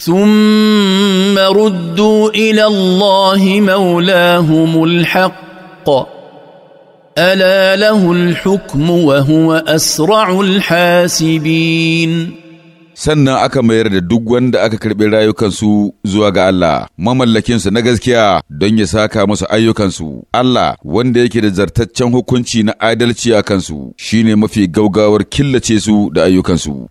ثم ردوا الى الله مولاهم الحق الا له الحكم وهو اسرع الحاسبين sannan aka mayar da duk wanda aka karɓi rayukansu zuwa ga Allah, mamallakinsu na gaskiya don ya saka musu ayyukansu. Allah wanda yake da zartaccen hukunci na adalci a kansu, shine mafi gaugawar killace su da ayyukansu.